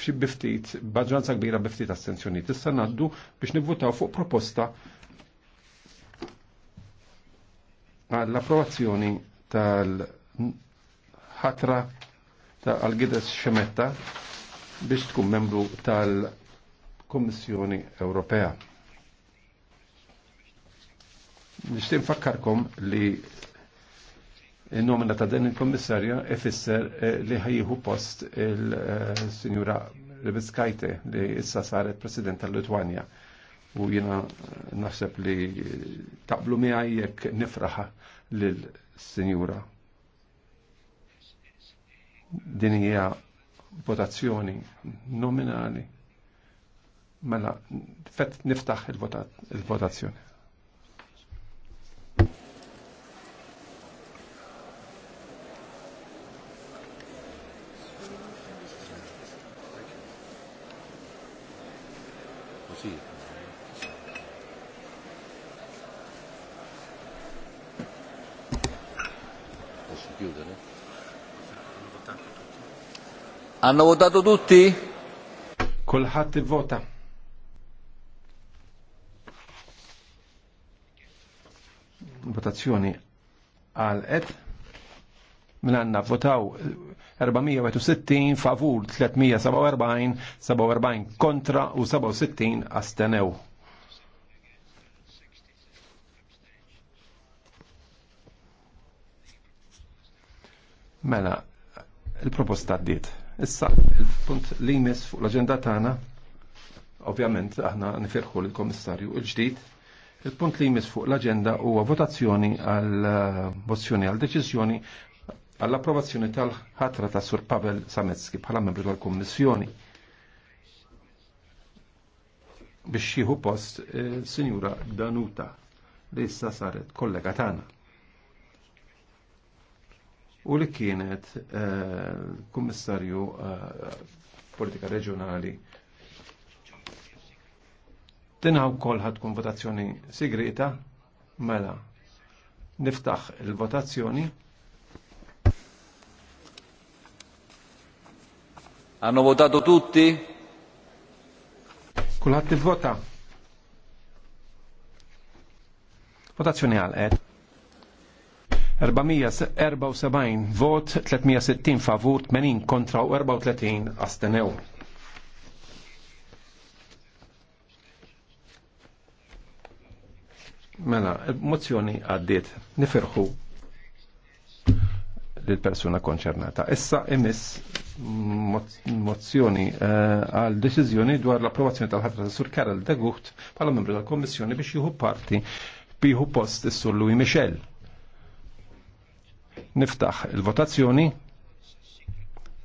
f'xi biftit, maġġoranza kbira biftit astenzjoni. Tista' ngħaddu biex nivvutaw fuq proposta għall-approvazzjoni tal-ħatra tal-Gides Xemetta biex tkun membru tal-Kommissjoni Ewropea. Nishtin fakkarkom li nomina ta' dan il-kommissarja ifisser eh, li ħajjiħu post il-sinjura Rebiskajte li issa saret president tal-Litwanja. U jina naħseb li taqblu miħaj jekk nifraħa lil-sinjura. Din hija votazzjoni nominali. Mela, fett niftaħ il-votazzjoni. Posso chiudere? Hanno votato tutti? Col e vota. Votazioni al et għanna votaw 461 favur 347, 47 kontra u 67 astenew. Mela, il-proposta għaddiet. Issa, il-punt li jmiss fuq l-agenda tagħna, ovvjament aħna nifirħu l-komissarju il-ġdid, il-punt li jmiss fuq l-agenda huwa votazzjoni għal eh, mozzjoni għal deċiżjoni għall-approvazzjoni tal-ħatra ta' Sur Pavel Sametski bħala membru tal-Kommissjoni biex jieħu post eh, Sinjura Danuta li issa saret kollega tagħna. U li kienet eh, kummissarju eh, politika reġjonali Dina wkoll ħadkun votazzjoni sigrita, mela, niftaħ il-votazzjoni Hanno votato tutti? Kulħadd vota. Votazzjoni għal 474 eh. vot, 360 favur, 80 kontra u 34 astenew. Mela, mozzjoni għaddiet, nifirħu l-persuna konċernata. Issa imis mozzjoni eh, għal deċiżjoni dwar l-approvazzjoni tal-ħatra ta' Sur Karel Dagucht bħala membru tal-Kommissjoni biex jieħu parti biħu post is-Sur Louis Michel. Niftaħ il-votazzjoni,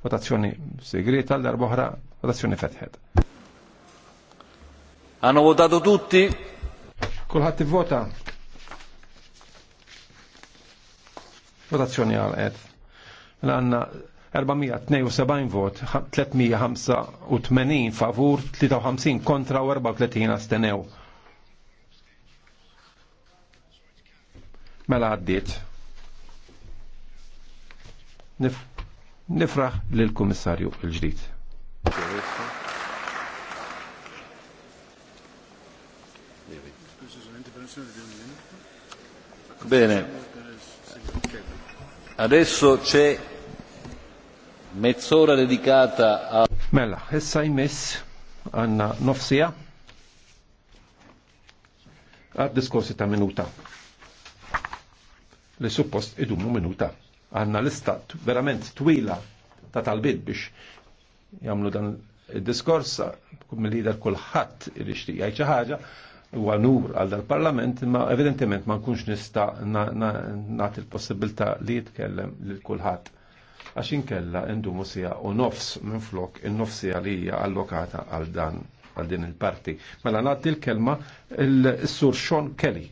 votazzjoni segreta għal darba oħra, votazzjoni fetħed. Hanno votato tutti? Kulħadd ivvota. Votazzjoni għal qed. L-għanna 472 vot, 385 favur, 53 kontra u 34 astenew. Mela għaddit. Nif, nifraħ lill-Kummissarju l-ġdid. Bene. Adesso c'è mezz'ora dedikata a... Mela, issa jmiss għanna nofsija għad diskorsi ta' minuta. Li suppost idumu minuta. Għanna l-istat verament twila ta' talbid biex jamlu dan il-diskors mill-lider kullħat il ixti għajċa ħaġa u għanur għal dal-parlament, ma evidentement ma nkunx nista nat il-possibilta li jitkellem l-kulħat għax inkella indumu sija u nofs minn flok in-nofsija li hija allokata għal dan għal din il-parti. Mela nagħti l-kelma il-sur Sean Kelly.